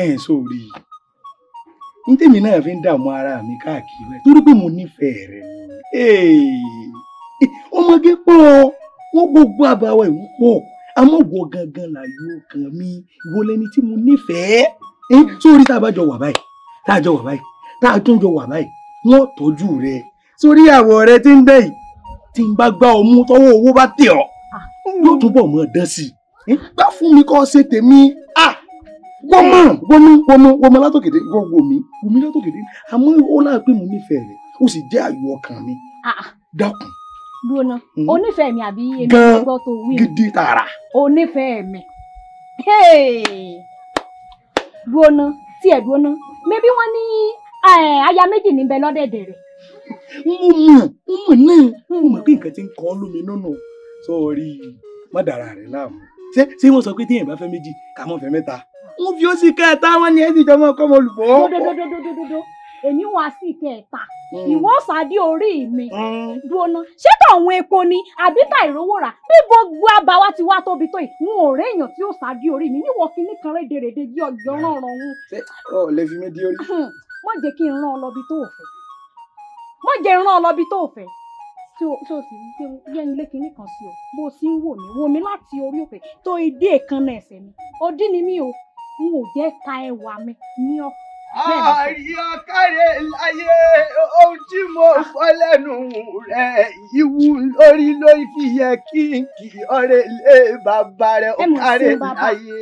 ẹ̀ sórí ní tèmi náà fi ń dààmú ara mi káàkiri rẹ torí pé mo nífẹ̀ẹ́ rẹ ọmọge pọ̀ wọ́n gbogbo àbáwọ ìwú pọ̀ àmọ́ wọ gangan làyò kan mi ìwọ lẹni tí mo nífẹ̀ẹ́ sórí tá a bá jọ wà báyìí tá a jọ wà báyìí tá a tún jọ wà báyìí wọ́n tọ́jú rẹ sórí àwọ̀ rẹ tí ń dẹ̀ yìí tí n bá gbá ọmú tọwọ́ owó bá tẹ̀ ọ́ ah. yóò túbọ̀ mọ̀ dán sí i gbá fún mi kó ṣe tèmi wọ́n mọ̀ wọ́n mọ̀ wọ́n mọ̀ wọ́n mọ̀ látòkèdè wọ́n wò mí wò mí látòkèdè àmọ́ ó láà pé mo nífẹ̀ẹ́ rẹ̀ ó sì jẹ́ àyò ọkàn mi ah, ah. dákun. lónà hmm. onífẹ̀ẹ́ mi àbí èmi gbọ́ tó wí. gidi tààrà. onífẹ̀ẹ́ mi lónà tí ẹ̀ lónà mẹ́bí wọ́n ní eh, aya méjì níbẹ̀ lọ́dẹ̀dẹ̀ rẹ̀. mo mọ̀ mo mọ̀ náà mo mọ̀ pé nǹkan ti ń kọ́ lómi nínú sọ́ọ́rí mọ́dàrá rẹ̀ láàmú ṣé ṣé wọ́n sọ pé téèyàn bá fẹ́ méjì ká mọ́ fẹ́ mẹ́ta wọ́n fi ó sì kẹta wọn ni ẹbí jọmọ kọ́ mọ olùkọ́. èmi wá sí kẹta hmm. ìwọ sàdí orí mi hmm. dúró ṣé tọ̀hún epo ni àbí ta bí gbogbo àbáwá ti wá tóbi tó yìí n ò èèyàn tí ó sàdí orí mi níwọ̀n kínní kan rédèrèdè jí ọjọ́ hmm. rán ọ̀rọ̀ wọn. ṣé ọ lè fi mí di orí. má jẹ́ kí n rán ọ lọ́bi tó fẹ́ má jẹ́ rán ọ lọ́bi tó fẹ́ tí o tí o sì gbé yẹn ilé kinní kan sí o bó o sì ń wò mí wò mí láti orí òkè tó ìdí èékánná ẹsẹ̀ mi òdí ni mí o tí ò jẹ́ ẹwà mi ní ọkọ̀. àríyá káre láyé ó fọ́ lẹ́nu rẹ̀ ìwú lórí lórí fi yẹ kí n kì í ọ̀rẹ́ lé bàbá rẹ̀ ó kárẹ̀ láyé.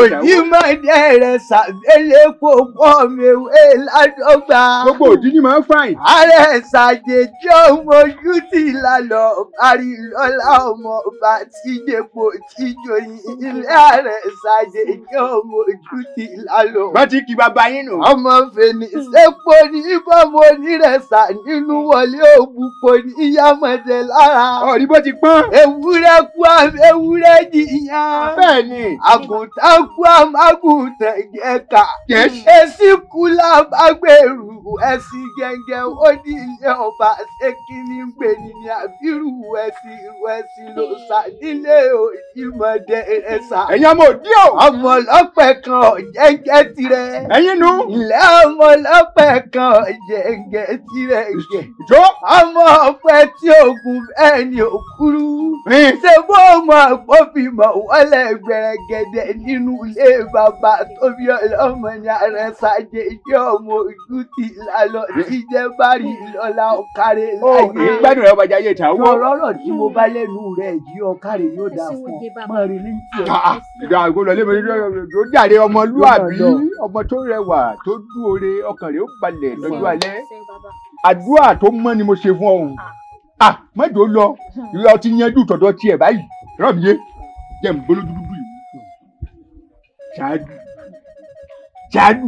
òjì máa dẹ́ rẹ̀ sàbẹ̀lẹ̀ kó pọ̀ mẹ́wé ládọ́gba. gbogbo òjì ni màá fàìn. ààrẹ ṣàjèjì ọmọ ojú ti lálọ́ parí lọ́lá ọmọ ọba tí dèpò tí joyin ilé ààrẹ ṣàjèjì ọmọ ojú ti lálọ́. bá ti kí bàbá yín nù. ọmọ fèmí sẹ́pọ̀ ní bọ́mọ ní nírẹ̀sà nínú wọlé òbúkọ ní ìyámọ̀jẹ̀ lára. ọ̀rí bó ti pọ́n. ewúrẹ́ kú àmì ewúrẹ́ jìyàn. bẹ́ẹ̀ni. àgùntàn kú àmì àgùntàn jẹ̀ka. èsì kú làbágbèrú ẹ̀sìn gẹ́gẹ́ ó ní ilé ọba ṣé kí ni gbè ní ní àbírù ẹ̀sìn ẹ̀sìn ló sà nílé ìmọ̀dé rẹ̀ sà. ẹ̀yin ọmọ òdí o. ọmọ ọlọ́pẹ̀ kan ọ̀jẹ̀jẹ̀ tirẹ̀. ẹ̀yin nu. ilé ọmọ ọlọ́pẹ̀ kan ọ̀jẹ̀jẹ̀ gẹ̀ tirẹ̀ gẹ̀. Jó. Ọmọ ọ̀pẹ tí ògùn bẹ́ẹ̀ ni òkúrú. Ṣé bó mọ̀ pọ́ fi mọ̀ wọlé gbẹ̀rẹ̀gẹ̀dẹ̀ nínú ilé bàbá tóbi ọlọ́mọ ni Arẹ́sàdé jẹ́ ọmọ ojú ti lálọ́ tí jẹ́ bárì lọ́la ọ̀kárẹ̀ láyé. Ó kì í gbádùn rẹ̀ ọbàjá yé ta owó. Ọ̀rọ̀ tí mo bá lẹ́nu rẹ̀ yí ọ̀kárẹ̀ yóò dà fún mọ́ rí ní tiẹ̀. Ìgbà àgbọ̀lọ̀ lé mi ló jàre ọmọlúwàbí ọmọ tó rẹwà tó dúore ọkàn rẹ̀ ó balẹ̀ lọ́jọ́ alẹ́ àdúrà tó mọ́ ni mo ṣe fún ọ o à ah. ah, mọ́jọ lọ ìrora ti yanjú tọ̀dọ̀ tiẹ̀ báyìí rọ̀ mí yé jẹ́ ń gbóló dúdú yìí ṣáájú ṣáájú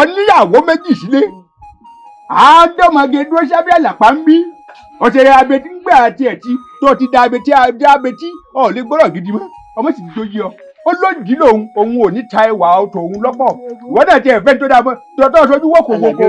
oníyàwó méjì sílé àádọ́mọge dúró sábẹ́ àlàpà ń bí ọ̀sẹ̀rẹ̀ abetí ń gbà àti ẹ̀tí tó ti da abetí abetí ọ̀ lè gbọ́rọ̀ gidi mọ́ ọmọ sì ti tó yí ọ ó lójì lòun òun ò ní ta ẹwà ọ̀tọ̀ òun lọ́pọ̀ ìwọ́dà tiẹ̀ fẹ́ tó dáa mọ́ tọ́tọ́ sojú wọ́kòókòó.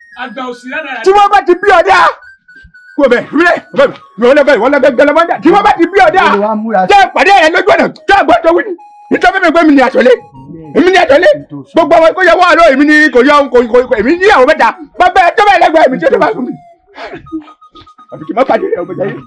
àgbà òsì rárá. tí wọ́n bá ti bí ọ̀dà wọ́n bẹ̀ wílẹ̀ wọ́n lẹ́gbẹ̀ẹ́ wọ́n lẹ́gbẹ̀ẹ́ gẹlẹ́ mọ́ndà tí wọ́n bá ti bí ọ̀dà jẹ́ pàdé ẹ̀ lójú ọ̀nà tó àgbọ̀ tó wí ni nítorí mi pé mi ni àtọ̀lé èmi ni àtọ̀lé gbogbo àwọn ìkóyọ wọn àlọ́ èmi ni kò yọ kò èmi ní àwọn mẹ́ta bàbá ẹ̀ tó bẹ̀ lẹ́gbẹ̀ẹ́ mi tí ó tó bá fún mi. àbùkù má pàdé rẹ̀ ọ̀gbẹ̀dẹ̀ yìí.